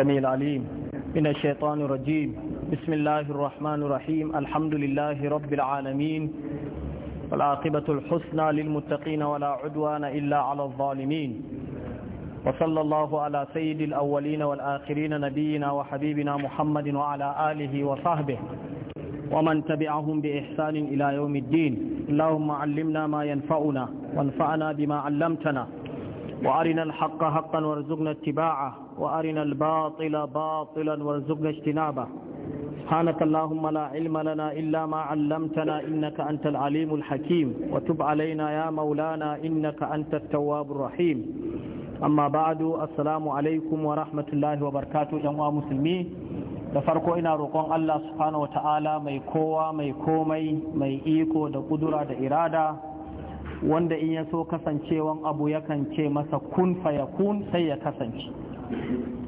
السميع العليم من الشيطان الرجيم بسم الله الرحمن الرحيم الحمد لله رب العالمين والعاقبة الحسنى للمتقين ولا عدوان إلا على الظالمين وصلى الله على سيد الأولين والآخرين نبينا وحبيبنا محمد وعلى آله وصحبه ومن تبعهم بإحسان إلى يوم الدين اللهم علمنا ما ينفعنا وانفعنا بما علمتنا وأرنا الحق حقا وارزقنا اتباعه وأرنا الباطل باطلا وارزقنا اجتنابه سبحانك اللهم لا علم لنا إلا ما علمتنا إنك أنت العليم الحكيم وتب علينا يا مولانا إنك أنت التواب الرحيم أما بعد السلام عليكم ورحمة الله وبركاته جمع مسلمين da farko ina roƙon Allah subhanahu wa ta'ala mai kowa mai komai mai iko da ƙudura da irada wanda in ya so kasancewan abu yakan ce masa kun fayakun sai ya kasance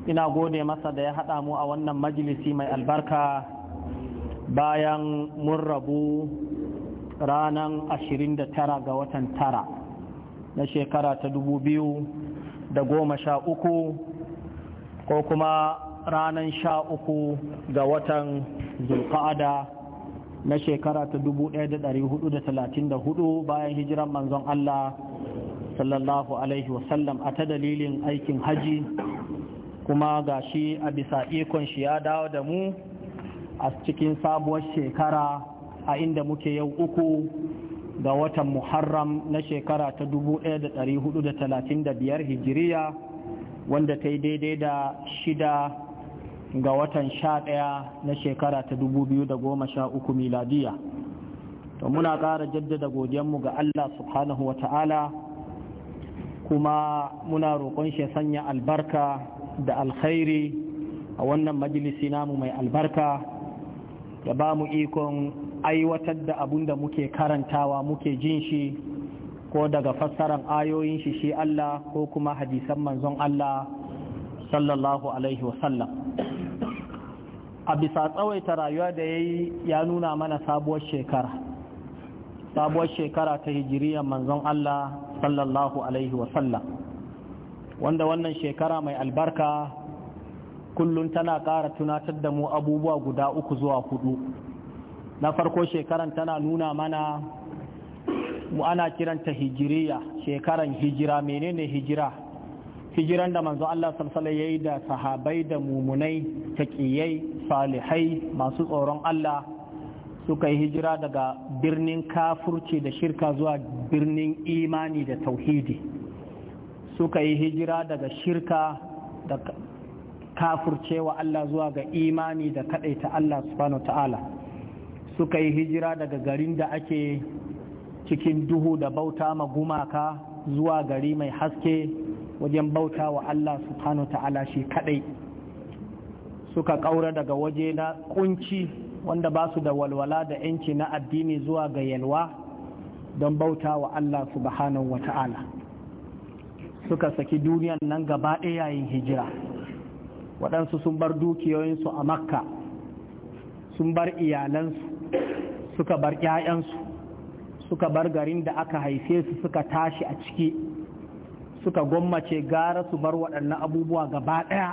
ina gode masa da ya haɗa mu a wannan majalisi mai albarka bayan mun rabu ranar 29 ga watan tara na shekara ta 2013 ko kuma ranar 13 ga watan zulfa'ada na shekara ta 1434 bayan hijiran manzon Allah sallallahu alaihi wasallam a ta dalilin aikin haji kuma ga shi a bisa ikon shi ya dawo da mu a cikin sabuwar shekara a inda muke yau uku ga watan muharram na shekara ta 1435 hijiriya wanda ta yi daidai da shida ga watan sha ɗaya na shekara ta 2013 miladiya to muna ƙara jaddada godiyanmu ga Allah subhanahu wa ta'ala kuma muna roƙon shi sanya albarka da alkhairi a wannan majalisi namu mai albarka da ba mu ikon aiwatar da abun da muke karantawa muke jin shi ko daga fassaran ayoyin shi shi Allah ko kuma hadisan manzon Allah sallallahu alaihi wasallam a bisa tsawaita rayuwa da ya ya nuna mana sabuwar shekara sabuwar shekara ta hijiriyar manzon Allah sallallahu alaihi wasallam wanda wannan shekara mai albarka kullum tana ƙara tunatar da mu abubuwa guda uku zuwa hudu na farko shekaran tana nuna mana mu ana kiranta hijiriya shekaran hijira menene hijira hijiran da manzo Allah sallallahu alaihi da sahabai da mumunai taqiyai salihai masu tsoron Allah suka yi hijira daga birnin kafurci da shirka zuwa birnin imani da tauhidi suka yi hijira daga shirka da kafurcewa Allah zuwa ga imani da kadaita Allah subhanahu ta'ala suka yi hijira daga garin da ake cikin duhu da bauta ma gumaka zuwa gari mai haske wajen bauta wa Allah subhanahu ta'ala shi kadai suka kaura daga waje na kunci wanda ba su da walwala da yanci na addini zuwa ga yalwa don bauta wa Allah subhanahu wa ta'ala suka saki duniyan nan gaba ɗaya yayin hijira waɗansu sun bar dukiyoyinsu a makka sun bar iyalansu suka bar 'ya'yansu suka bar garin da aka haife su suka tashi a ciki suka gwammace gara su bar waɗannan abubuwa gaba ɗaya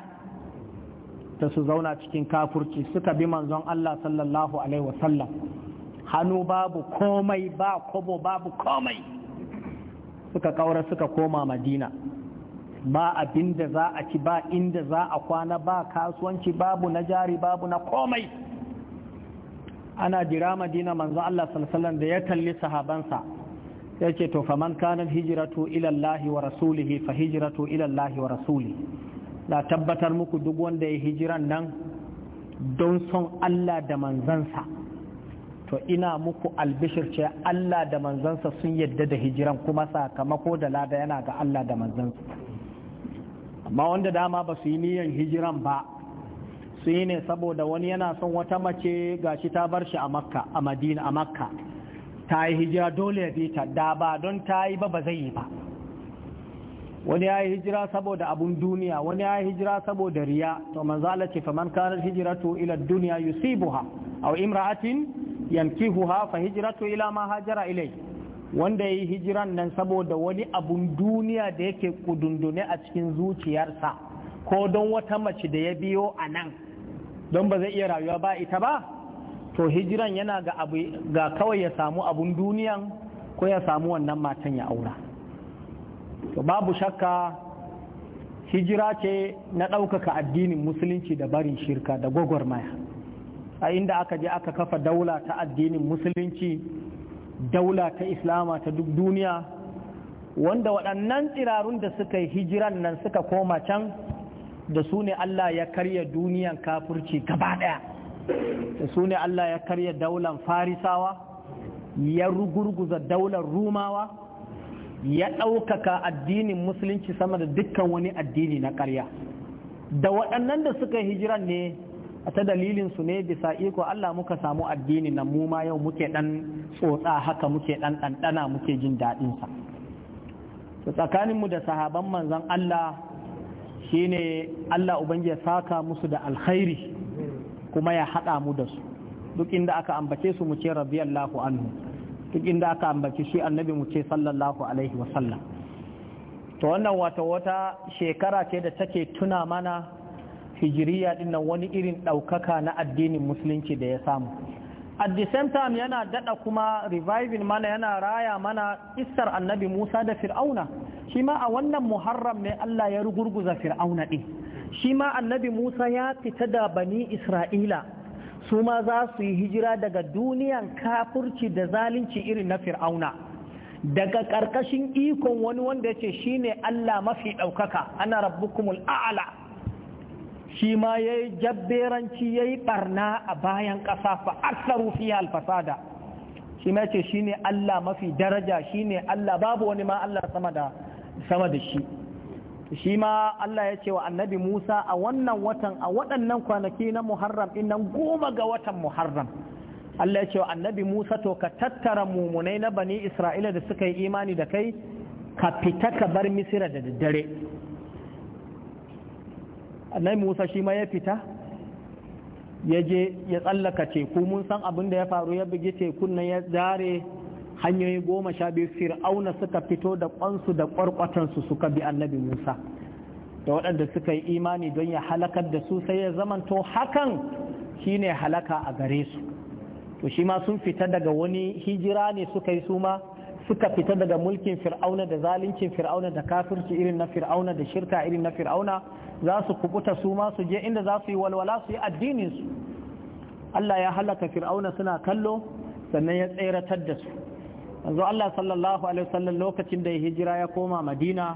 da su zauna cikin kafurci suka bi manzon Allah sallallahu alaihi wasallam hannu babu komai ba kobo babu komai suka kaura suka koma madina ba abin da za a ci ba inda za a kwana ba kasuwanci babu na jari babu na komai ana jira madina manzo Allah sallallahu da ya kalli sahabansa ya ce to faman kanar hijiratu ilallahi wa rasulihi fa hijiratu ilallahi wa rasuli la tabbatar muku duk wanda ya hijiran nan don son Allah da manzansa to ina muku albishir ce Allah da manzansa sun yadda da hijiran kuma sakamako da lada yana ga Allah da manzansa amma wanda dama ba su yi niyan hijiran ba su yi ne saboda wani yana son wata mace gashi ta bar shi a makka a madina a makka ta yi hijira dole ya bi ta da ba don ta yi ba ba zai yi ba wani ya yi hijira saboda abun duniya wani ya yi hijira saboda riya to manzo ce faman kanar to ila duniya yusibuha aw imra'atin yankihuha fa hijratu ila ma hajara ilai wanda yayi hijiran nan saboda wani abun duniya da yake kudundune a cikin zuciyarsa ko don wata mace da ya biyo a nan don ba zai iya rayuwa ba ita ba to hijiran yana ga abu ga kawai ya samu abun duniyan ko ya samu wannan matan ya aura to babu shakka hijira ce na ɗaukaka addinin musulunci da barin shirka da gwagwarmaya a inda aka je aka kafa daula ta addinin musulunci daula ta islama ta duk duniya wanda waɗannan tsirarun da suka yi hijiran nan suka koma can da su ne Allah ya karya duniyan kafurci gaba ɗaya da su ne Allah ya karya daulan farisawa ya rugurguza daular rumawa ya ɗaukaka addinin musulunci sama da dukkan wani addini na karya, da waɗannan da suka yi hijiran ne ta dalilin su ne bisa iko Allah muka samu addini nan mu ma yau muke dan tsotsa haka muke dan ɗanɗana muke jin daɗin sa to tsakanin mu da sahaban manzon Allah shine Allah ubangi ya saka musu da alkhairi kuma ya haɗa mu da su duk inda aka ambace su mu ce radiyallahu anhu duk inda aka ambace shi annabi mu ce sallallahu alaihi wa sallam to wannan wata wata shekara ce da take tuna mana hijiriya din wani irin ɗaukaka na addinin musulunci da ya samu at the same time yana daɗa kuma reviving mana yana raya mana istar annabi musa da fir'auna shi ma a wannan muharram ne allah ya rugurguza fir'auna ɗin shi ma annabi musa ya fita da bani isra'ila su ma za su yi hijira daga duniyan kafurci da zalunci irin na fir'auna daga karkashin ikon wani wanda ya ce shi Allah mafi ɗaukaka ana rabbukumul ala. shi ma ya yi jabberanci ya yi barna a bayan ƙasa fa aksaru fi alfasada shi ma ce shi ne Allah mafi daraja shi ne Allah babu wani ma Allah sama da da shi shi ma Allah ya ce wa annabi Musa a wannan watan a waɗannan kwanaki na Muharram ɗin goma ga watan Muharram Allah ya ce wa annabi Musa to ka tattara mumunai na bani Isra'ila da suka yi imani da kai ka fita ka bar Misira da daddare Annabi musa shi ma ya fita ya je ya tsallaka teku mun san abin da ya faru ya bugi tekun nan ya zare hanyoyi goma sha biyu fir'auna suka fito da kwansu da kwarkwatansu suka bi annabi musa da waɗanda suka yi imani don ya halakar da su sai ya zamanto hakan shine halaka a gare su to shi ma sun fita daga wani hijira ne suka yi su ma suka fita daga mulkin fir'auna da zalincin fir'auna da kafirci irin na fir'auna da shirka irin na fir'auna za su kubuta su ma su je inda za su yi walwala su yi addinin su Allah ya halaka fir'auna suna kallo sannan ya tseratar da su yanzu Allah sallallahu alaihi wasallam lokacin da ya hijira ya koma Madina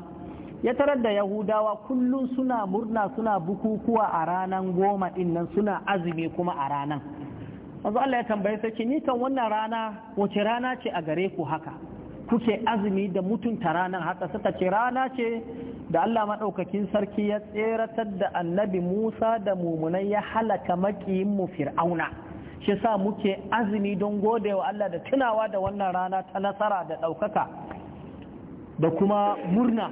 ya tarar da Yahudawa kullum suna murna suna bukukuwa a ranan goma din suna azumi kuma a ranan yanzu Allah ya tambaye sai ni kan wannan rana wace rana ce a gare ku haka kuke azumi da mutunta ranan haka suka ce rana ce da Allah maɗaukakin sarki ya tseratar da annabi Musa da mumunai ya halaka mu fir'auna shi sa muke azumi don gode wa Allah da tunawa da wannan rana ta nasara da ɗaukaka da kuma murna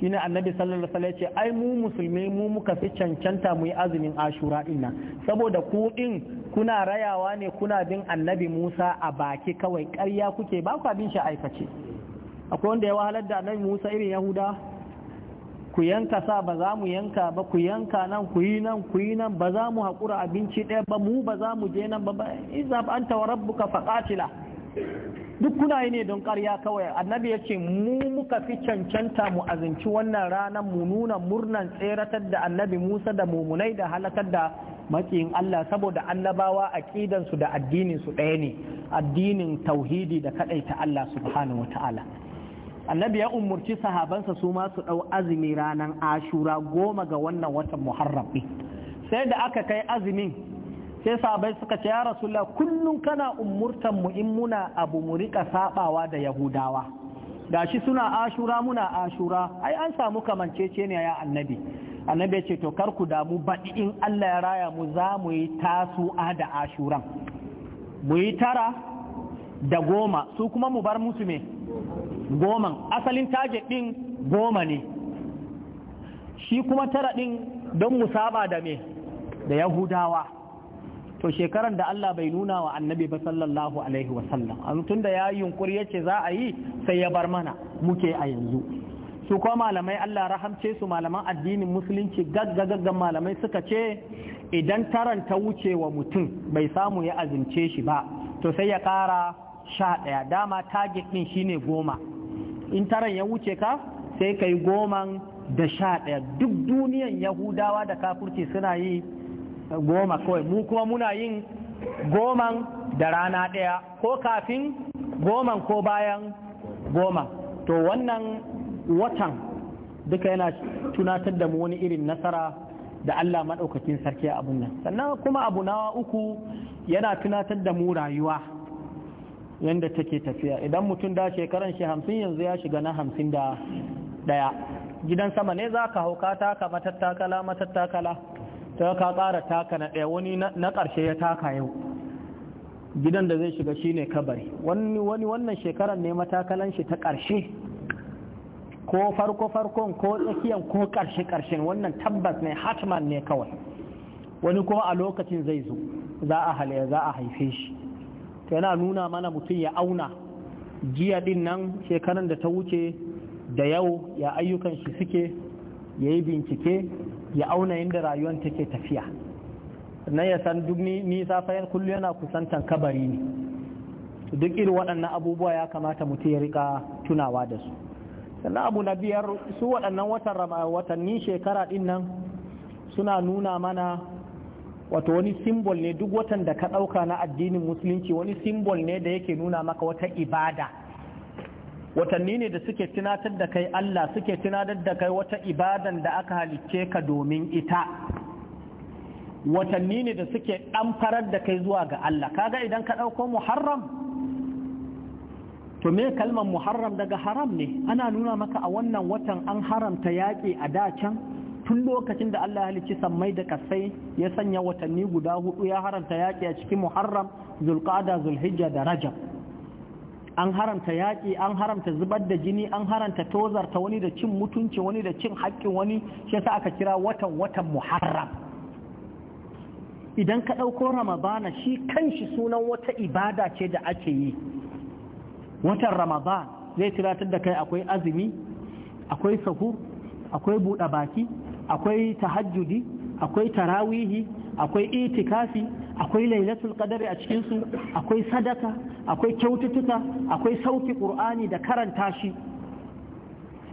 shine annabi sallallahu alaihi wasallam ce ai mu musulmi mu muka fi cancanta mu yi azumin ashura inna saboda ku din kuna rayawa ne kuna bin annabi Musa a baki kawai ƙarya kuke ba ku abin shi aikace akwai wanda ya wahalar da annabi Musa irin Yahuda ku yanka sa ba za mu yanka ba ku yanka nan ku yi nan ku yi nan ba za mu haƙura abinci ɗaya ba mu ba za mu je nan ba iza an buka rabbuka faƙatila duk kuna yi ne don ƙarya kawai annabi ya ce mu muka fi cancanta mu azinci wannan ranar mu nuna murnan tseratar da annabi musa da mumunai da halakar da makiyin allah saboda annabawa aƙidansu da addinin su ɗaya ne addinin tauhidi da ta allah subhanahu wa ta'ala annabi ya umurci sahabansa su ma su ɗau azumi ranar ashura goma ga wannan watan muharram sai da aka kai azumin sai sahabai suka ce ya rasulullah kullum kana umurtan mu in muna abu mu rika sabawa da yahudawa gashi suna ashura muna ashura ai an samu kamancece ne ya annabi annabi ya ce to kar ku damu baɗi in Allah ya raya mu za mu yi tasu'a da ashuran mu yi tara da goma su kuma mu bar musu me goman asalin target din goma ne shi kuma tara din don musaba da me da yahudawa to shekaran da Allah bai nuna wa annabi ba sallallahu alaihi wasallam an tun da ya yi yunkuri ya ce za a yi sai ya bar mana muke a yanzu su kuma malamai Allah rahamce su malaman addinin musulunci gagga gaggan malamai suka ce idan taran ta wuce wa mutum bai samu ya azince shi ba to sai ya kara sha ɗaya dama target din shine goma in taron ya wuce ka sai ka yi goman da sha ɗaya duk duniyan yahudawa da kafurci suna yi goma kawai mu kuma muna yin goman da rana ɗaya ko kafin goman ko bayan goma to wannan watan duka yana tunatar da mu wani irin nasara da Allah maɗaukakin sarki a abun nan sannan kuma abu na uku yana tunatar da mu rayuwa yadda take tafiya idan mutum da shekaran shi hamsin yanzu ya shiga na hamsin da ɗaya gidan sama ne za ka hauka taka matattakala matattakala ta ka kara taka na ɗaya wani na karshe ya taka yau gidan da zai shiga shine kabari wani wani wannan shekaran ne matakalan shi ta ƙarshe ko farko farkon ko tsakiyan ko ƙarshe ƙarshen wannan tabbas ne hatman ne kawai wani kuma a lokacin zai zo za a hale za a haife shi yana nuna mana mutum ya auna jiya din nan shekaran da ta wuce da yau ya ayyukan shi suke ya yi bincike ya auna inda rayuwar take tafiya na ya san duk nisa fayar kullum yana kusantan kabari ne duk irin waɗannan abubuwa ya kamata mutum ya rika tunawa da su sannan abu na biyar su waɗannan watanni shekara ɗin nan suna nuna mana wato wani simbol ne duk watan da ka ɗauka na addinin musulunci wani simbol ne da yake nuna maka wata ibada watanni ne da suke tunatar da kai Allah suke tunatar da kai wata ibadan da aka halicce ka domin ita watanni ne da suke ɗamfarar da kai zuwa ga Allah kaga idan ka ɗauko muharram to me kalmar muharram daga haram ne ana nuna maka a wannan watan an haramta yaƙi a da can tun lokacin da Allah halicci sammai da kasai ya sanya watanni guda hudu ya haramta yaƙi a cikin muharram zulqada zulhijja da rajab an haramta yaƙi an haramta zubar da jini an haramta tozarta wani da cin mutunci wani da cin haƙƙin wani shi yasa aka kira watan watan muharram idan ka ɗauko ramadana shi kanshi sunan wata ibada ce da ake yi watan ramadan zai tilatar da kai akwai azumi akwai sahur akwai buɗe baki akwai tahajjudi akwai tarawihi akwai itikafi akwai lailatul qadari a cikin su akwai sadaka akwai kyaututtuka akwai sauki qur'ani da karanta shi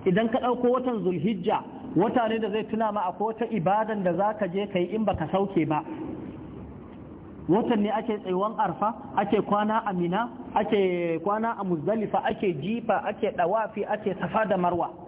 idan ka ɗauko watan zulhijja wata ne da zai tuna ma akwai wata ibadan da zaka je kai in baka sauke ba watan ne ake tsaiwan arfa ake kwana a ake kwana a muzdalifa ake jifa ake dawafi ake safa da marwa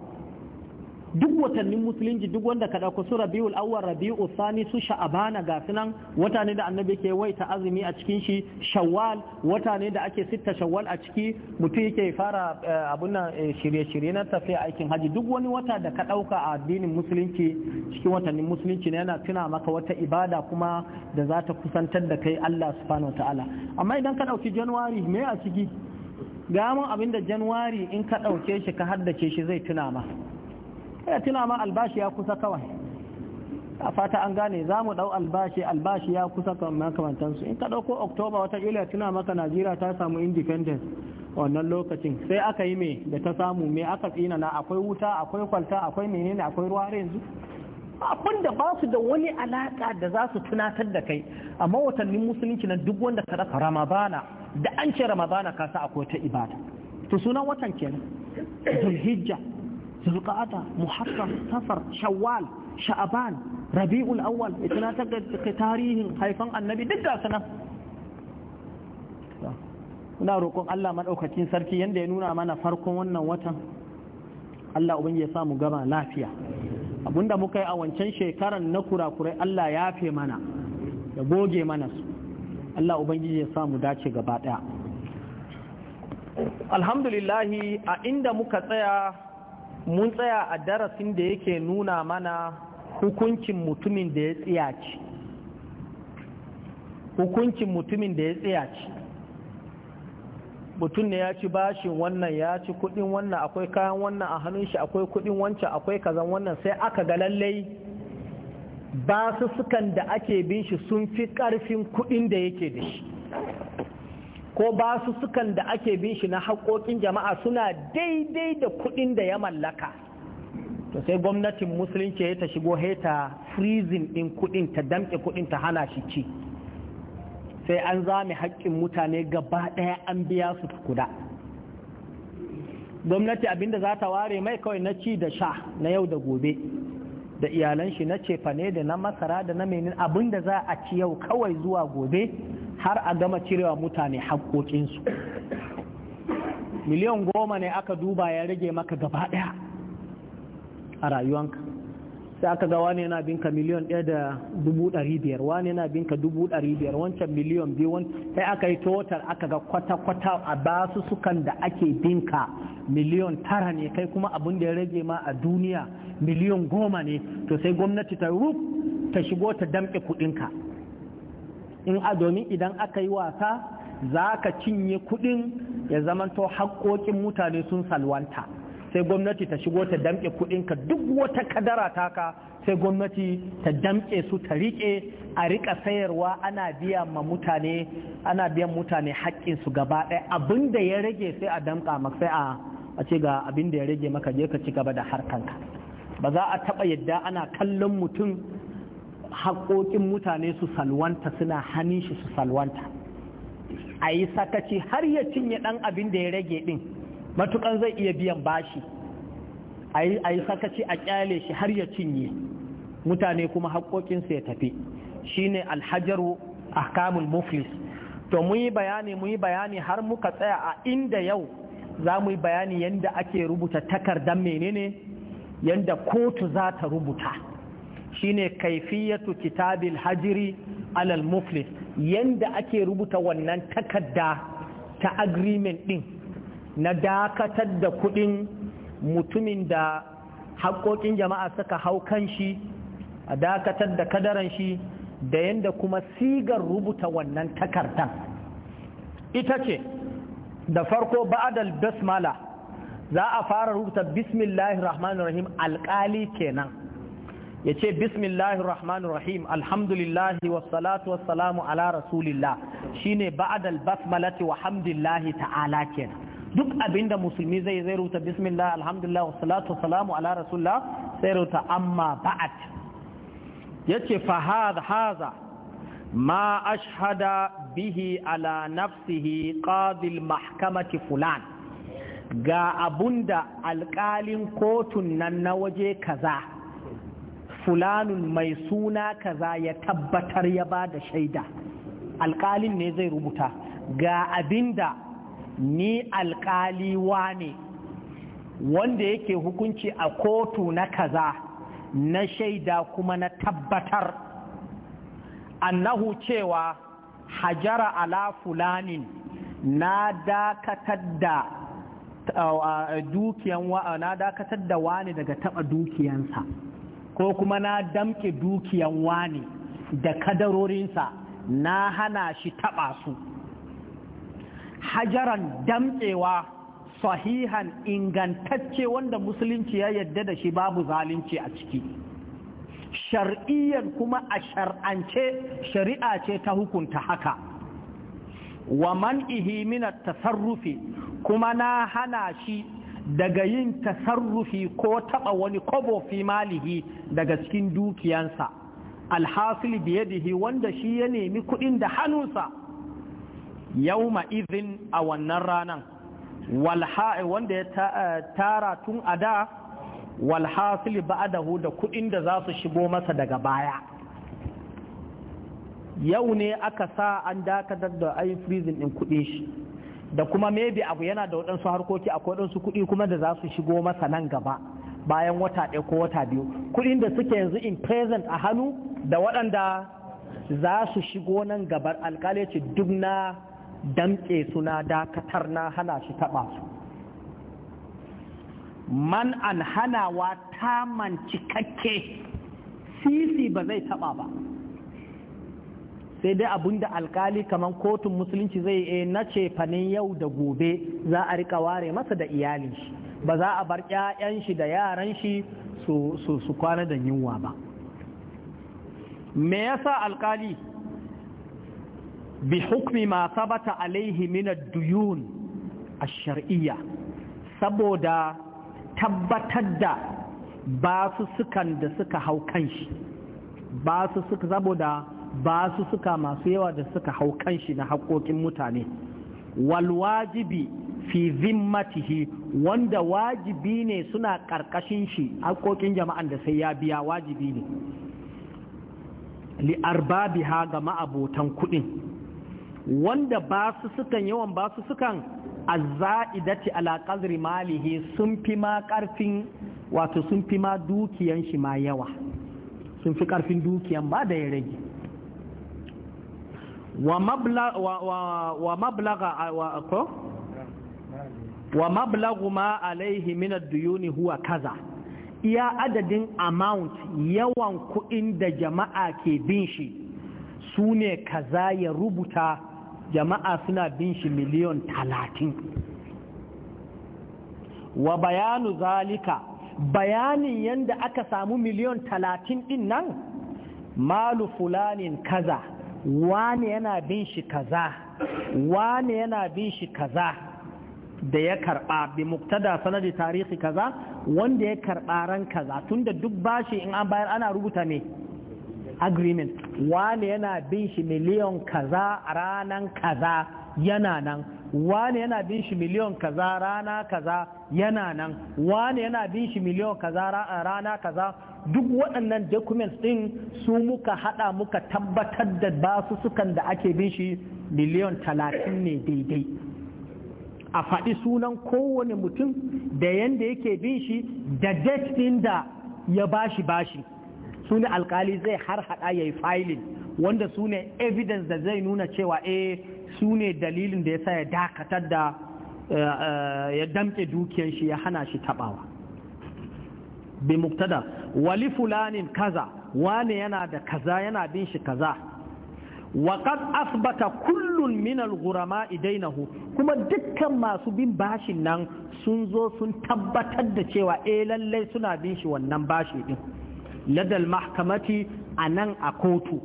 duk watannin musulunci duk wanda ka ɗauka su rabiul awwal rabi'u thani su sha'abana ga sunan wata ne da annabi ke waita azumi a cikin shi shawwal wata ne da ake sitta shawwal a ciki mutum yake fara eh, abun nan eh, shirye-shirye na tafiya aikin haji duk wani wata da ka ɗauka a addinin musulunci cikin watannin musulunci ne yana tuna maka wata ibada kuma da za ta kusantar da kai Allah subhanahu ta'ala amma idan ka ɗauki januwari me a ciki ga mun abin da januwari in ka dauke shi ka haddace shi zai tuna ma ya tuna ma albashi ya kusa kawai a fata an gane za mu ɗau albashi albashi ya kusa makamantansu in ka ɗauko oktoba wata ya tuna maka najeriya ta samu independence wannan lokacin sai aka yi mai da ta samu mai aka tsina na akwai wuta akwai kwalta akwai menene akwai ruwa yanzu abin da ba su da wani alaka da za su tunatar da kai amma watannin musulunci na duk wanda ka raka ramabana da an ce ramadana ka sa akwai ta ibada to sunan watan kenan zulhijja zulqa'ada muharram safar shawwal sha'aban rabi'ul awwal ita ta ga tarihin haifan annabi duk da sanan ina roƙon Allah maɗaukacin sarki yanda ya nuna mana farkon wannan watan Allah ubangi ya samu gaba lafiya abinda muka yi a wancan shekaran na kurakurai Allah ya mana ya goge mana su Allah ubangiji ya samu dace gaba Alhamdu alhamdulillahi a inda muka tsaya mun tsaya a darasin da yake nuna mana hukuncin mutumin da ya tsiyaci hukuncin mutumin da ya tsiyaci mutum ne ya ci bashin wannan ya ci kudin wannan akwai kayan wannan a hannun shi akwai kudin wancan akwai kazan wannan sai aka ga lallai sukan da ake bin shi sun fi karfin kudin da yake da shi ko ba su sukan da ake bin shi na haƙoƙin jama'a suna daidai da kuɗin da ya mallaka to sai gwamnatin musulunci ya ta shigo heta freezing ɗin kuɗin ta damƙe kuɗin ta hana shi ci sai an zame haƙƙin mutane gaba ɗaya an biya su kuda gwamnati abinda za ta ware mai kawai na ci da sha na yau da gobe da iyalan shi na cefane da na masara da na menin abinda za a ci yau kawai zuwa gobe har a gama cirewa mutane haƙoƙinsu miliyan goma ne aka duba ya rage maka gaba ɗaya a rayuwanka sai aka ga wani yana binka miliyan ɗaya da dubu ɗari biyar wani yana binka dubu ɗari biyar wancan miliyan biyu wani sai aka yi total aka ga kwata-kwata a basu sukan da ake binka miliyan tara ne kai kuma abin da ya rage ma a duniya miliyan goma ne to sai gwamnati ta ruf ta shigo ta damƙe kuɗinka in a domin idan aka yi wasa za ka cinye kudin ya zamanto haƙoƙin mutane sun salwanta sai gwamnati ta shigo ta damƙe kudinka duk wata kadara taka sai gwamnati ta damƙe su ta riƙe a riƙa sayarwa ana biya ma mutane ana biyan mutane haƙƙinsu gaba ɗaya abin da ya rage sai a damƙa maka sai a ce ga abin da ya rage maka je ka ci gaba da harkanka ba za a taɓa yadda ana kallon mutum haƙoƙin mutane su salwanta suna hannun shi su salwanta a yi sakaci har ya cinye ɗan abin da ya rage ɗin matuƙan zai iya biyan bashi a yi sakaci a ƙyale shi har ya cinye mutane kuma haƙoƙinsu ya tafi shine alhajaru ahkamul muflis to mu yi bayani mu yi bayani har muka tsaya a inda yau za mu yi bayani yadda ake rubuta takardar menene yadda kotu za ta rubuta shine kaifiyatu kitabil hajiri alal muflis yanda ake rubuta wannan takarda ta agreement din na dakatar da kudin mutumin da haƙoƙin jama'a suka hau kan shi a dakatar da kadaran shi da yanda kuma sigar rubuta wannan takardan ita ce da farko ba'adal basmala za a fara rubuta bismillahir rahmanir rahim alƙali kenan ya ce bismillahir rahmanir rahim alhamdulillahi wassalatu wassalamu ala rasulillah shine ba'dal basmalati wa hamdillahi ta'ala kenan duk abinda musulmi zai zai rubuta bismillah alhamdulillah wassalatu wassalamu ala rasulillah sai rubuta amma ba'at yace fa hadha hadha ma ashhada bihi ala nafsihi qadil mahkamati fulan ga abunda alkalin kotun nan na waje kaza fulanun mai suna kaza ya tabbatar ya ba da shaida alkalin ne zai rubuta ga abinda ni alƙali ne wanda yake hukunci a kotu na kaza na shaida kuma na tabbatar annahu cewa hajara ala fulanin na dakatar da uh, uh, dukiyan na dakatar da wani daga taba dukiyansa ko kuma na damke dukiyan wani da kadarorinsa na hana shi taɓa su hajaran damɗewa sahihan ingantacce wanda musulunci ya yadda da shi babu zalunci a ciki shar'iyyar kuma a shar'ance shari'a ce ta hukunta haka wa man ihi minat tasarrufi kuma na hana shi daga yin tasarrufi ko taɓa wani kobo fi malihi daga cikin dukiyansa alhasil biyadihi wanda shi ya nemi kuɗin da hannunsa ma izin a wannan ranan wanda ya eh, tara tun a da walhasil ba'adahu da kuɗin da za su shigo masa daga baya yau ne aka sa an dakatar da ayin freezing ɗin kuɗin shi da kuma maybe abu yana da waɗansu harkoki akwai waɗansu kuɗi kuma da za su shigo masa nan gaba bayan wata ɗaya ko wata biyu kuɗin da suke yanzu in present a hannu da waɗanda za su shigo nan gabar alkali ce duk na damƙe su na dakatar na hana shi taɓa su man an hanawa taman cikakke sisi ba zai taɓa ba sai dai abun da alkali kamar kotun musulunci zai e na cefanin yau da gobe za a rika ware masa da iyalin shi ba za a bar 'ya'yan shi da yaran shi su kwana da yunwa ba me yasa alkali bi hukmi ma sabata alaihi min ad-duyun ash-shar'iyya saboda tabbatar da ba su sukan da suka hau kanshi ba su suka saboda ba su suka masu yawa da suka hau kanshi na haƙoƙin mutane walwajibi fi zimmatihi wanda wajibi ne suna ƙarƙashin shi haƙoƙin jama'an da sai ya biya wajibi ne li'arbabiha ga ma'abotan kuɗin wanda ba su sukan yawan ba su sukan azza'idati ala qadri malihi sun fi ma ƙarfin wato sun fi ma dukiyan shi ma yawa sun fi ƙarfin dukiyan ba da ya rage wa mablagu ma alaihi min duyuni huwa kaza iya adadin amount yawan kuɗin da jama'a ke bin shi su ne kaza ya rubuta jama'a suna bin shi miliyon talatin wa bayanu zalika bayanin yadda aka samu miliyon talatin din nan malu fulanin kaza wani yana bin shi kaza wani yana bin shi kaza da ya karba bi muktada sanadi tarihi kaza wanda ya karɓa ran kaza tunda duk bashi in an bayar ana rubuta ne agreement wani yana bin shi miliyon kaza ranan kaza yana nan wani yana bin shi miliyon kaza rana kaza yana nan wani yana bin shi miliyon kaza rana kaza duk waɗannan documents ɗin su muka haɗa muka tabbatar da basu sukan da ake bin shi miliyan talatin ne daidai a faɗi sunan kowane mutum da yanda yake bin shi da date ɗin da ya bashi bashi su ne alkali zai har haɗa ya yi filing wanda su ne evidence da zai nuna cewa eh su ne dalilin da ya sa ya dakatar da eh, eh, ya damƙe dukiyar shi ya hana shi taɓawa. bi muktada wali fulanin kaza wane yana da kaza yana bin shi kaza wa qad asbata kullun min al-ghurama idainahu kuma dukkan masu bin bashin nan sun zo sun tabbatar da cewa eh lallai suna bin shi wannan bashi din ladal mahkamati anan a kotu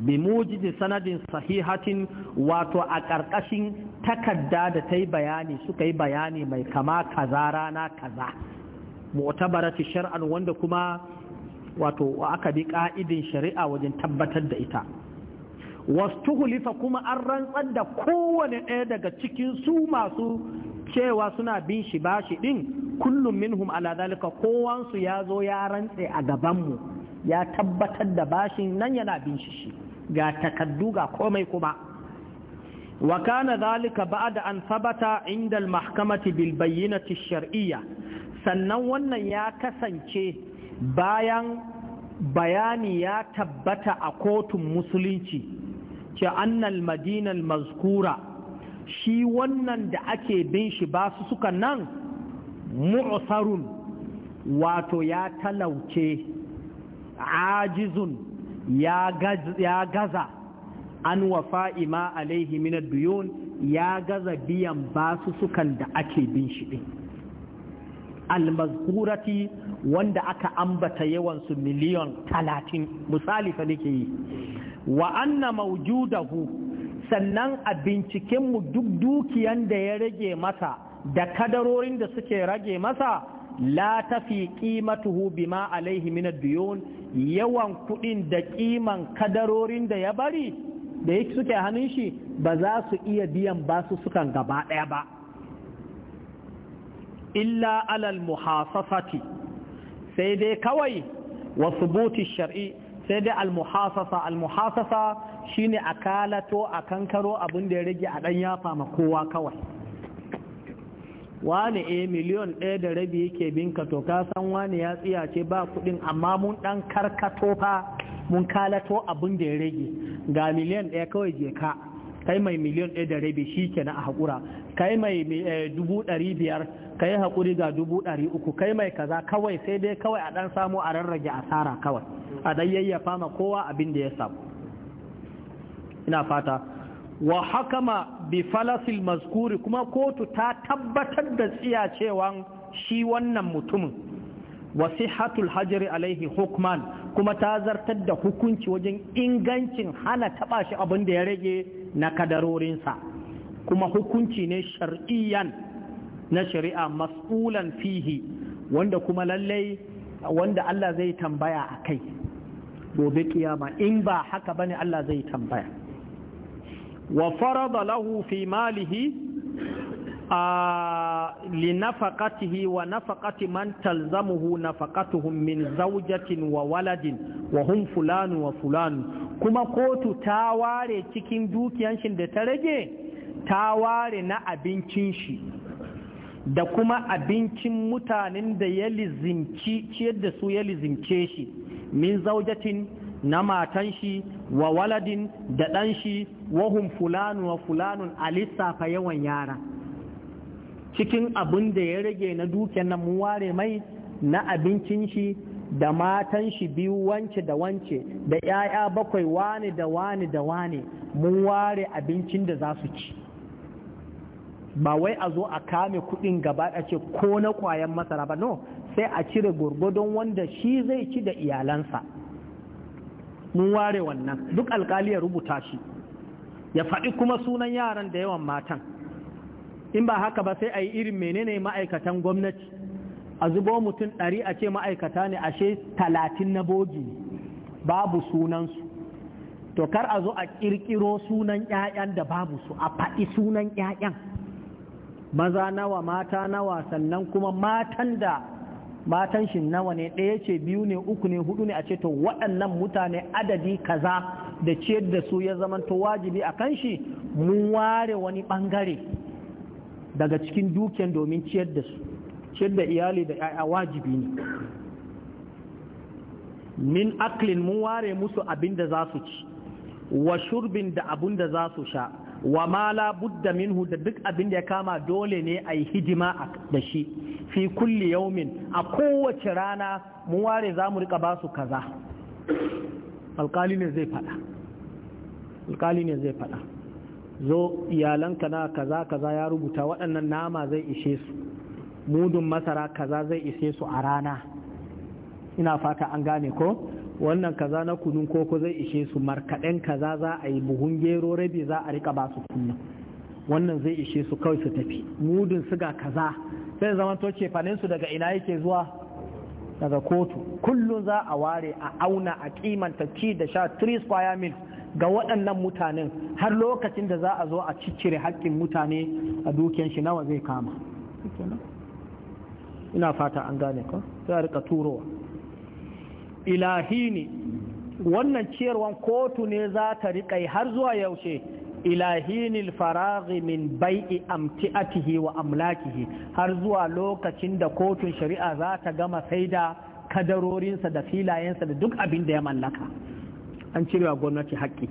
bi mujidi sanadin sahihatin wato a ƙarƙashin takarda da ta yi bayani suka yi bayani mai kama kaza rana kaza mu'tabarati shar'an wanda kuma wato aka bi ka'idin shari'a wajen tabbatar da ita wastuhulifa kuma an rantsar da kowane ɗaya daga cikin su masu cewa suna bin shi bashi din kullum minhum ala zalika kowansu ya zo ya rantse a gabanmu ya tabbatar da bashin nan yana bin shi shi ga takaddu ga komai kuma wa kana zalika ba'da an sabata inda al-mahkamati bil bayyinati shar'iyya sannan wannan ya kasance bayan bayani ya tabbata a kotun musulunci ce annal madinal mazkura shi wannan da ake bin shi ba su suka nan mu'sarun wato ya talauce ajizun ya gaza an wafa ima alaihi minar duyun ya gaza biyan basu sukan da ake bin shi ɗin almazkurati wanda aka ambata yawansu miliyon talatin misali fa nake yi wa anna maujudahu sannan a mu duk dukiyan da ya rage masa da kadarorin da suke rage masa la tafi qimatuhu bima alaihi min duyun yawan kudin da kiman kadarorin da ya bari da yake suke hannun shi ba za su iya biyan basu sukan gaba daya ba illa alal muhasasati sai dai kawai wa subuti shar'i sai dai al muhasasa, al muhasasa shine a kalato a kankaro abin da ya rage a dan yafa ma kowa kawai wani e eh, miliyon ɗaya da rabi yake binka to ka san wani ya tsiya ce ba kuɗin amma mun ɗan karkato fa mun kalato abin da ya rage ga miliyan ɗaya kawai je ka kai mai miliyon ɗaya da rabi shi ke na a haƙura kai mai eh, dubu ɗari biyar ka yi haƙuri ga dubu ɗari uku kai mai kaza kawai sai dai kawai a ɗan samu a rarrage asara kawai a ɗan yayyafa ma kowa abin da ya samu ina fata wa hakama bi falasil mazkuri kuma kotu ta tabbatar da tsiya cewa shi wannan mutumin wasihatul hajari alaihi hukman kuma ta zartar da hukunci wajen ingancin hana taɓa shi abin da ya rage na kadarorinsa kuma hukunci ne shar'iyyan na shari'a mas'ulan fihi wanda kuma lallai wanda Allah zai tambaya a kai gobe kiyama in ba haka bane Allah zai tambaya wa farada lahu fi malihi a linafaqatihi wa nafaqati man talzamuhu nafaqatuhum min zawjatin wa waladin wa hum fulanu wa fulanu kuma kotu ta ware cikin dukiyanshin da ta rage ta ware na abincin shi da kuma abincin mutanen da ya lizimci ciyar da su ya lizimce shi min zaujatin na matan shi wa waladin da ɗan shi wahun fulanu wa fulanun a lissafa yawan yara cikin abin da ya rage na dukiyar nan mun ware mai na abincin shi da matan shi biyu wance da wance da 'ya'ya bakwai wane da wane da wane mun ware abincin da za su ci ba wai a zo a kame kuɗin gaba a ce ko na kwayan masara ba no sai a cire gwargwadon wanda shi zai ci da iyalansa mun ware wannan duk alkali ya rubuta shi ya faɗi kuma sunan yaran da yawan matan in ba haka ba sai a yi irin menene ma'aikatan gwamnati a zubo mutum ɗari a ce ma'aikata ne ashe talatin na bogi babu sunansu to kar a zo a ƙirƙiro sunan 'ya'yan da babu su a faɗi sunan 'ya'yan maza nawa mata nawa sannan kuma matan da matan shi nawa ne ɗaya ce biyu ne uku ne hudu ne a ce to waɗannan mutane adadi kaza da ciyar da su ya zamanto wajibi a kan shi mun ware wani ɓangare daga cikin dukiyar domin ciyar da su ciyar da iyali da 'ya'ya wajibi ne min aklin mun ware musu abin da za su ci wa shurbin da abin da za su sha wa ma la budda minhu da duk abin da ya kama dole ne a yi hidima da shi fi kulli yaumin a kowace rana mu ware za mu rika basu kaza alkali ne zai fada alkali ne zai fada zo iyalanka na kaza kaza ya rubuta waɗannan nama zai ishe su mudun masara kaza zai ishe su a rana ina fata an gane ko wannan kaza na kunun koko zai ishe su markaɗen kaza za a yi buhun gero rabi za a rika ba su kullum wannan zai ishe su kawai su tafi mudun siga kaza sai zama to cefanin su daga ina yake zuwa daga kotu kullum za a ware a auna a kimanta ci da sha 3 square mil ga waɗannan mutanen har lokacin da za a zo a ciccire haƙƙin mutane a dukiyar shi nawa zai kama ina fata an gane ka sai a rika turowa ilahini wannan ciyarwan kotu ne za ta riƙai har zuwa yaushe ilahinil faraghi min bai'i amti'atihi wa amlakihi har zuwa lokacin da kotun shari'a za ta gama sai da kadarorinsa da filayensa da duk abin da ya mallaka an cirewa gwamnati haƙƙi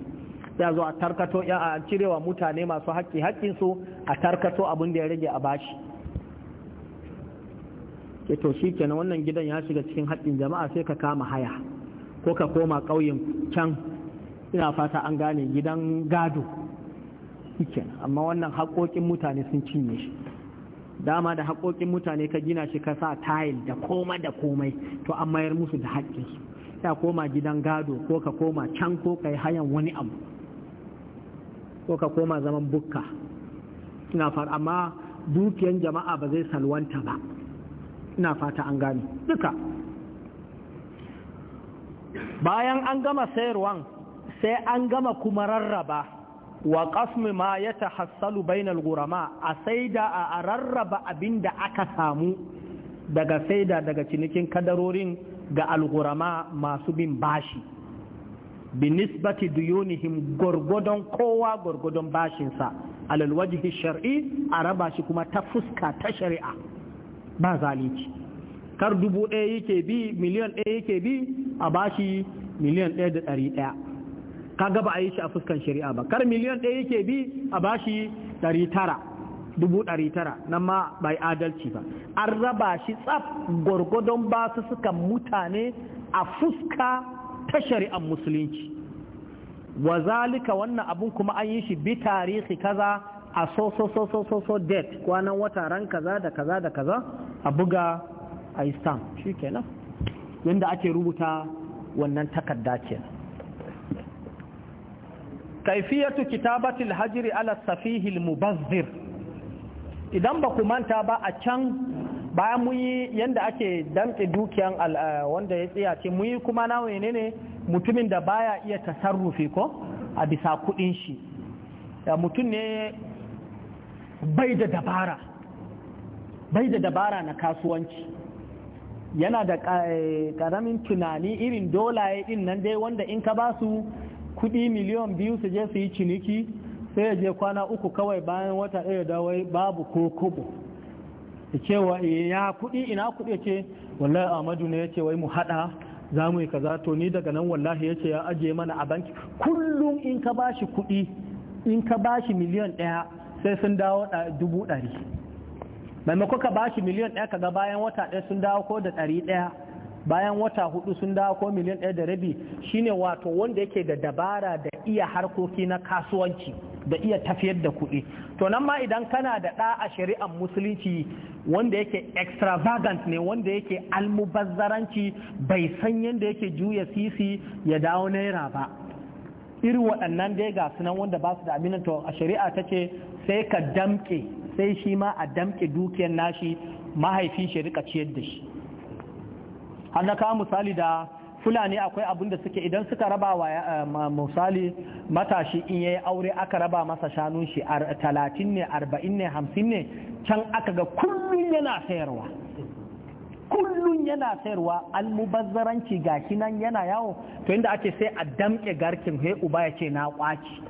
ya zo a tarkato a cirewa mutane masu haƙƙi haƙƙinsu a tarkato abin da ya rage a bashi ke to shi kenan wannan gidan ya shiga cikin haɗin jama'a sai ka kama haya ko ka koma ƙauyen can ina fata an gane gidan gado kenan amma wannan haƙoƙin mutane sun cinye shi dama da haƙoƙin mutane ka gina shi ka sa tayil da koma da komai to an mayar musu da haƙƙin su ya koma gidan gado ko ka koma can ko ka yi hayan wani abu ko ka koma zaman bukka ina fara amma dukiyan jama'a ba zai salwanta ba ina fata an gane duka bayan an gama sayarwan sai an gama kuma rarraba wa kasmi ma ya hassalu bainal gurama a saida a rarraba abin da aka samu daga saida daga cinikin kadarorin ga algurama masu bin bashi binisbati duyunihim gwargwadon kowa gwargwadon bashinsa alalwajihi shar'i a raba shi kuma ta fuska ta shari'a ba zalici kar dubu ɗaya yake bi miliyan ɗaya yake bi a bashi miliyan ɗaya da ɗari ɗaya Ka gaba a yi shi a fuskan shari'a ba kar miliyan ɗaya yake bi a bashi ɗari tara dubu ɗari tara nan ma bai adalci ba an raba shi tsaf gwargwadon ba su suka mutane a fuska ta shari'ar musulunci wa zalika wannan abun kuma an yi shi bi tarihi kaza a so so so so so so date kwanan wata ran kaza da kaza da kaza a buga a yi shi kenan yadda ake rubuta wannan takarda ce kaifiyatu kitabatil hajri ala safihil mubazzir idan ba ku manta ba a can bayan mu yi yadda ake damke dukiyan eh, wanda ya ce mu yi kuma na ne ne mutumin da baya iya tasarrufi ko a bisa kuɗin shi mutum ne bai da dabara bai da dabara na kasuwanci yana da karamin eh, tunani irin dolaye din nan dai wanda in ka ba su kudi miliyan biyu su je su yi ciniki sai ya je kwana uku kawai bayan wata ɗaya da wai babu ko kobo da cewa ya eh, kudi ina kudi ya ce wallahi amadu ne ya ce wai mu hada za mu yi kaza to ni daga nan wallahi ya ce ya ajiye mana a banki kullum in ka ba shi kudi in ka ba shi miliyan ɗaya sai sun dawo dubu ɗari maimako ka bashi miliyan ɗaya kaga bayan wata ɗaya sun dawo ko da ɗari ɗaya bayan wata hudu sun dawo ko miliyan ɗaya da rabi shine wato wanda yake da dabara da iya harkoki na kasuwanci da iya tafiyar da kuɗi to nan ma idan kana da ɗa a shari'ar musulunci wanda yake extravagant ne wanda yake almubazzaranci bai san yadda yake juya sisi ya dawo naira ba irin waɗannan dai ga sunan wanda ba su da aminin to a shari'a ta ce sai ka damke sai shi ma a damke dukiyar nashi mahaifin shi rika ciyar da shi har na kawo misali da fulani akwai abin da suke idan suka raba wa eh, misali matashi in yayi aure aka raba masa shanun shi talatin ne arba'in ne hamsin ne can aka ga kullum yana sayarwa Kullum yana sayarwa almubazzaranci ga nan yana yawo to inda ake sai a damƙe garkin he uba ya ce na kwaci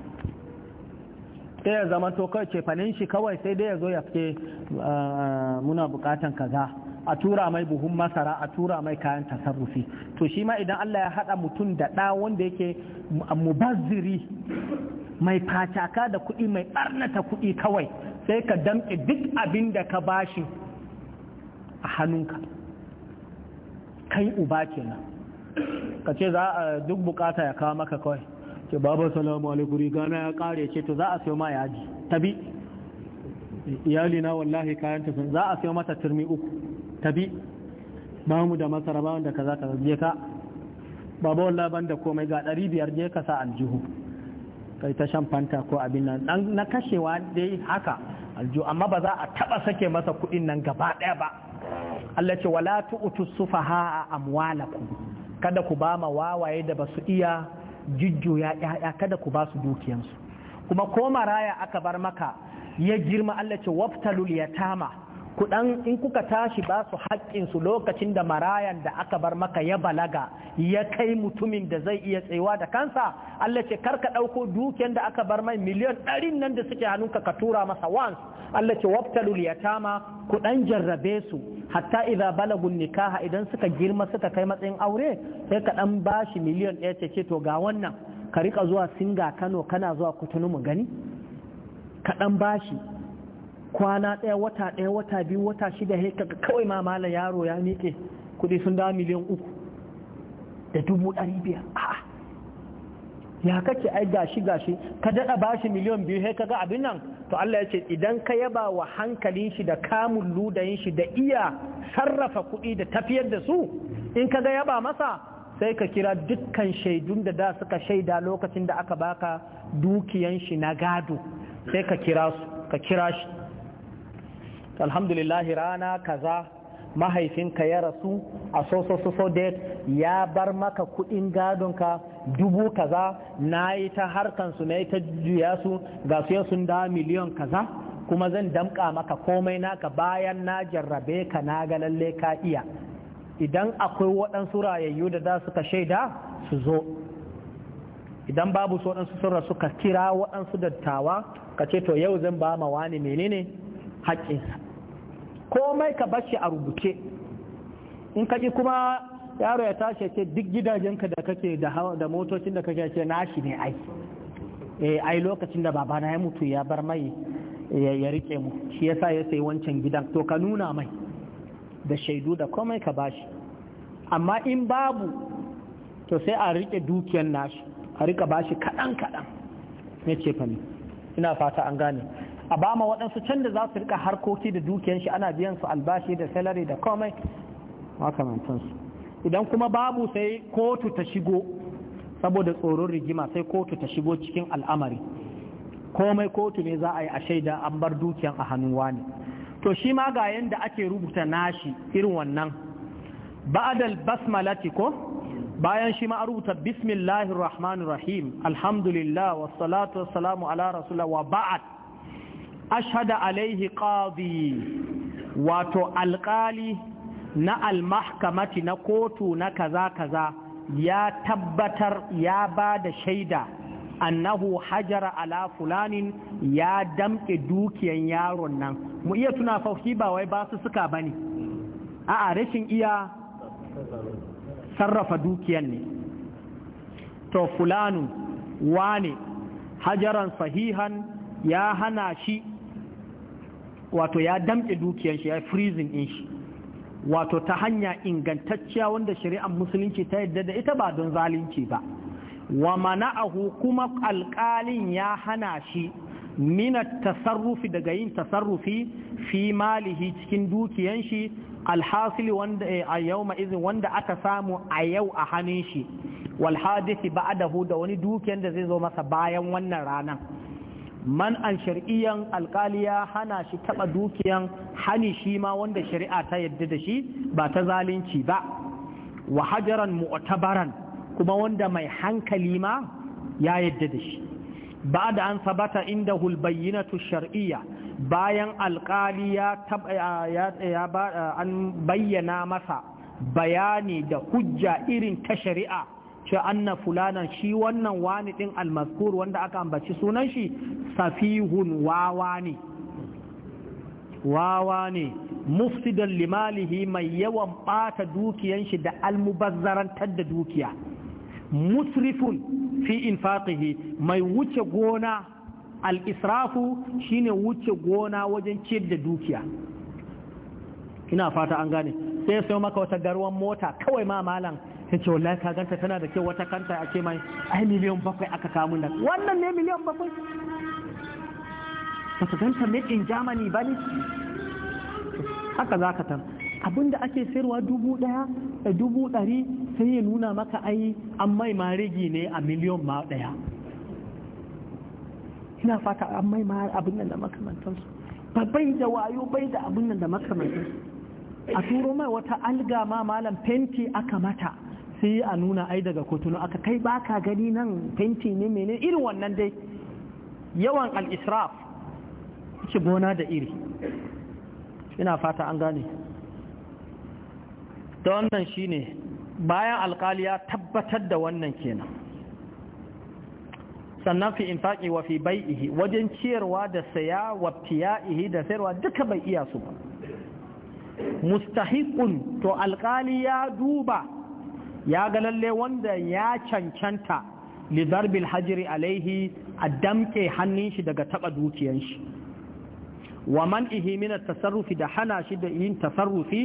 sai ya zama to kawai cefanin shi kawai sai dai ya zo ya fike ah, muna bukatan kaza a tura mai buhun masara a tura mai kayan tasarrufi to shi ma idan Allah ya haɗa mutum da ɗa wanda yake mubazziri mai fataka da kuɗi mai ɓarnata kuɗi kawai sai ka damƙe duk abin da ka bashi a hannunka kai uba kenan ka ce za a duk bukata ya kawo maka kawai ce babu salamu alaikuri gana ya kare ce to za a siyo ma yaji tabi iyali na wallahi kayan tafin za a siyo mata turmi uku tabi ba mu da masara ba wanda za ka je ka wallah ban da komai ga biyar je ka sa aljihu kai ta shan fanta ko abin nan na kashewa dai haka aljihu amma ba za a taba sake masa kuɗin nan gaba ɗaya ba Allah ce wala tu'tu sufaha amwalakum kada ku ba ma wawaye da basu iya jujjuya ya'ya kada ku ba su dukiyansu kuma ko maraya aka bar maka ya girma Allah ce waftalul yatama kudan in kuka tashi ba su haƙƙinsu lokacin da marayan da aka bar maka ya balaga ya kai mutumin da zai iya tsayuwa da kansa Allah ce karka ɗauko dukiyar da aka bar mai miliyan ɗarin nan da suke hannunka ka tura masa once Allah ce wabtalul yatama kudan jarrabe su hatta idza balagun nikaha idan suka girma suka kai matsayin aure sai ka dan bashi miliyan ɗaya ce ce to ga wannan ka rika zuwa singa Kano kana zuwa kutunu mu gani ka dan bashi kwana ɗaya wata ɗaya wata biyu wata shida haika kawai ma mala yaro ya miƙe kudi sun da miliyan uku da dubu ɗari biyar a'a ya kake ai gashi gashi ka daɗa bashi miliyan biyu sai kaga abin nan to Allah ya ce idan ka yaba wa hankalin shi da kamun ludayin shi da iya sarrafa kuɗi da tafiyar da su in ka ga yaba masa sai ka kira dukkan shaidun da da suka shaida lokacin da aka baka dukiyan shi na gado sai ka kira su ka kira shi alhamdulillah rana kaza mahaifinka ya rasu a so so so so date ya bar maka kudin gadonka dubu kaza na yi ta harkansu na yi ta juya su ga su sun da miliyon kaza kuma zan damka maka komai naka bayan na jarrabe ka na ga lalle ka iya idan akwai waɗansu rayayyu da za suka shaida su zo idan babu su waɗansu sun rasu ka kira waɗansu dattawa ka ce to yau zan ba ma wani menene haƙƙinsa komai ka bashi a rubuce in ka kaji kuma yaro ya tashi ce duk gidajenka da kake da motocin da kake ce nashi ne ai eh, ai lokacin da babana ya mutu ya bar mai ya rike mu shi yasa ya sai wancan gidan to ka nuna mai da shaidu da komai ka bashi amma in babu to sai a rike dukiyar nashi a rika bashi kaɗan kaɗan ne ce fa ina fata an gane a ba ma waɗansu can da za su rika harkoki da dukiyan shi ana biyan su albashi da salari da komai makamantansu idan kuma babu sai kotu ta shigo saboda tsoron rigima sai kotu ta shigo cikin al'amari komai kotu ne za a yi a shaida an bar dukiyan a hannun wani to shi ma ga yanda ake rubuta nashi irin wannan ba'dal basmalati ko bayan shi ma rubuta bismillahir rahmanir rahim alhamdulillah wassalatu wassalamu ala rasulillah wa ba'ad Ashada alaihi ƙazi wato alƙali na almahkamati na kotu na kaza kaza ya tabbatar ya ba da shaida annahu hajara ala fulanin ya damke dukiyan yaron nan mu iya tuna fauki ba wai ba su suka bane a'a rashin iya sarrafa dukiyan ne to fulanu wane hajaran sahihan ya hana shi wato ya damƙe dukiyar shi ya freezing in shi wato ta hanya ingantacciya wanda shari'ar musulunci ta yadda da ita ba don zalunci ba wa mana'ahu kuma alƙalin ya hana shi mina tasarrufi daga yin tasarrufi fi malihi cikin dukiyar shi alhasili wanda eh, a yau ma'izin wanda aka samu a yau a hannun shi walhadisi ba'adahu da wani dukiyar da zai zo masa bayan wannan ranar man an shari'iyan alkali hana shi taba dukiyan hani shi ma wanda shari'a ta yadda da shi ba ta zalunci ba wa hajaran mu'tabaran kuma wanda mai hankali ma ya yadda da shi ba da an sabata inda hulbayyinatu shar'iyya bayan alkali ya an bayyana masa bayani da hujja irin ta shari'a ce anna fulana shi wannan wani din almaskur wanda aka ambaci sunan shi safihun wawa ne wawa ne mufsidan limalihi mai yawan ɓata dukiyan shi da almubazzarantar da dukiya musrifun fi infaqihi mai wuce gona al-israfu ne wuce gona wajen ciyar da dukiya ina fata an gane sai sai maka wata garwan mota kawai ma malam ta ce wallahi ka ganta tana da kyau wata kanta a ce mai ai miliyan bakwai aka kamun nan wannan ne miliyan bakwai ba ta ganta made in germany ba ne haka za ka tan abinda ake sayarwa dubu daya da dubu dari sai ya nuna maka ai an mai ma rigi ne a miliyan ma daya ina fata an mai ma abin nan da makamantansu su babbai da wayo bai da abin nan da makamantansu a turo mai wata alga ma malam fenti aka mata sai a nuna ai daga kotuna aka kai baka gani nan fenti ne mene irin wannan dai yawan al-israf ki gona da iri ina fata an gane da wannan shine bayan alkali tabbatar da wannan kenan sannan fi infaqi wa fi bai'ihi wajen ciyarwa da saya wa tiya'ihi da sayarwa duka bai iya su ba mustahiqun to alkali ya duba ya ga lalle wanda ya cancanta lidarbil hajiri alaihi a damke hannun shi daga taba dukiyan shi wa man ihimina tasarrufi da hana shi da yin tasarrufi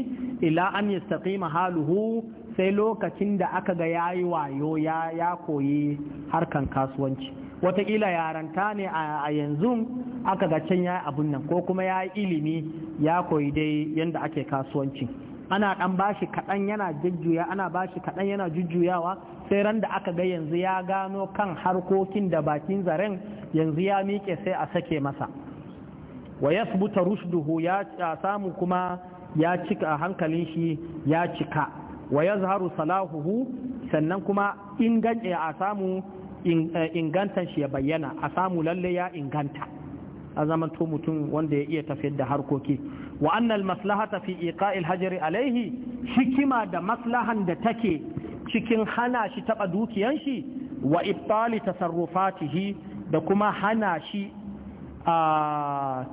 ila an yastaqima haluhu sai lokacin da aka ga yayi wayo ya koyi harkan kasuwanci wataƙila yaranta ne a yanzu aka ga can ya abun nan ko kuma ya yi ilimi ya koyi dai yadda ake kasuwanci ana dan bashi kaɗan yana jujjuya ana bashi kaɗan yana jujjuyawa sai ran da aka ga yanzu ya gano kan harkokin da bakin zaren yanzu ya miƙe sai a sake masa wa yasbuta rushduhu ya samu kuma ya cika hankalin shi ya cika wa yazharu salahuhu sannan kuma inganta a samu eh, ingantan shi ya bayyana a samu lalle ya inganta a to mutum wanda ya iya tafiyar da harkoki wa annal maslahata fi iqa'il hajari alaihi hikima da maslahan da take cikin hana shi taba dukiyan shi wa ibtali tasarrufatihi da kuma hana shi a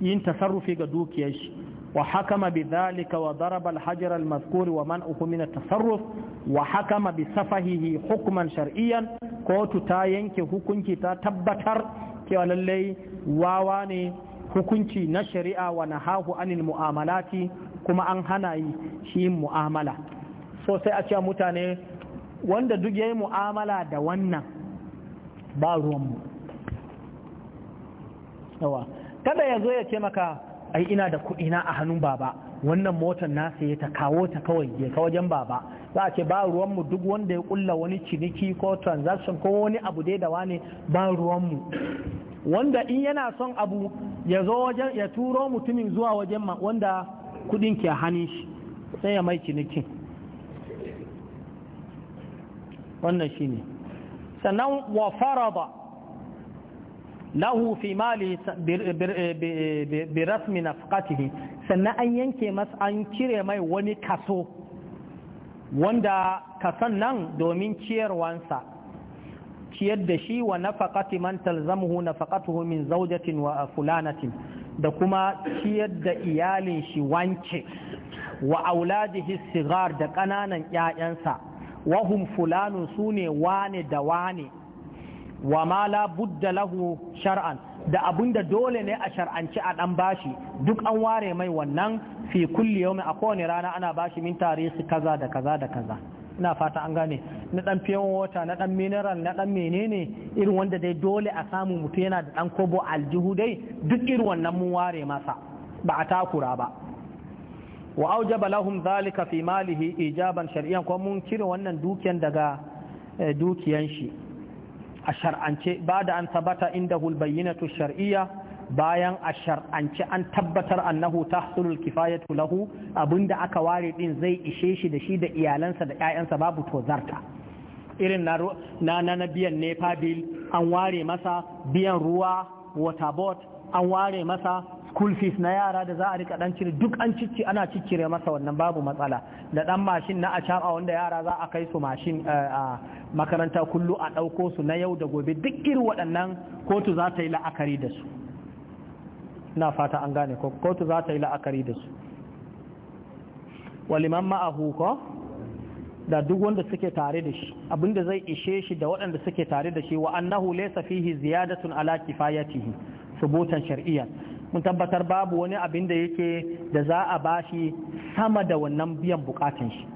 yin tasarrufi ga dukiyar shi wa hakama bi zalika wa daraba al al-mazkur wa man'uhu min tasarruf wa hakama bi safahihi hukman shar'iyyan kotu ta yanke hukunci ta tabbatar ke lallai wawa ne hukunci na shari'a wa hahu anil mu'amalati kuma an hana yi shi mu'amala so sai a ce mutane wanda duk yayi mu'amala da wannan ba ruwanmu yawa kada ya zo ya ce maka ai ina da kuɗina a hannun baba wannan motar na ya ta kawo ta kawai je ka wajen baba za a ce ba ruwan mu duk wanda ya kulla wani ciniki ko transaction ko wani abu dai da wani ba mu wanda in yana son abu ya zo wajen ya turo mutumin zuwa wajen wanda kudin ke hannun shi sai ya mai cinikin wannan shi ne sannan wa faraba lahu fi mali bi rasmi fukatihi sannan an yanke masu an cire mai wani kaso wanda kasan nan domin ciyarwansa ciyar da shi wa nafaqati man talzamuhu nafaqatuhu min zawjatin wa fulanatin da kuma ciyar da iyalin shi wance wa auladihi sigar da kananan ƴaƴansa wa hum sune wane da wane wa ma la budda lahu shar'an da abinda dole ne a shar'anci a dan bashi duk an ware mai wannan fi kulli yawmi a kowane rana ana bashi min tarihi kaza da kaza da kaza ina fata an gane na dan fiyan wata na dan mineral na dan menene irin wanda dai dole a samu mutum yana da dan kobo aljihu dai duk irin wannan mun ware masa ba a takura ba wa aujaba lahum zalika fi malihi ijaban shar'iyyan kuma mun cire wannan dukiyan daga eh, dukiyan shi a shar'ance ba da an da inda hulbayyinatu shar'iyya bayan a shar'anci an tabbatar annahu ta tahsulul kifayatu lahu abinda aka ware din zai ishe shi da shi da iyalansa da 'ya'yansa babu tozarta irin na na biyan nepa bil an ware masa biyan ruwa water board an ware masa school fees na yara da za a rika dan cire duk an cicci ana ciccire masa wannan babu matsala da dan mashin na a wanda yara za a kai su mashin eh, a makaranta kullu a ɗauko su na yau da gobe duk irin waɗannan kotu za ta yi la'akari da su ina fata an gane ko kotu za ta yi la'akari da su waliman ma'ahu ko da duk wanda suke tare da shi abinda zai ishe shi da waɗanda suke tare da shi wa annahu laysa fihi ziyadatun ala kifayatihi subutan shar'iyyan mun tabbatar babu wani abin da yake da za a bashi sama da wannan biyan bukatun shi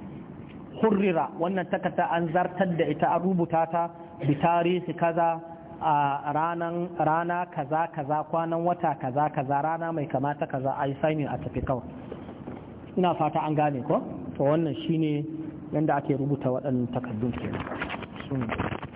hurrira wannan takarda an zartar da ita an rubuta ta bi tarihi kaza a ranan rana kaza kaza kwanan wata kaza kaza rana mai kamata kaza ai signing a tafi kawai ina fata an gane ko to wannan shine yadda ake rubuta waɗannan takardun kenan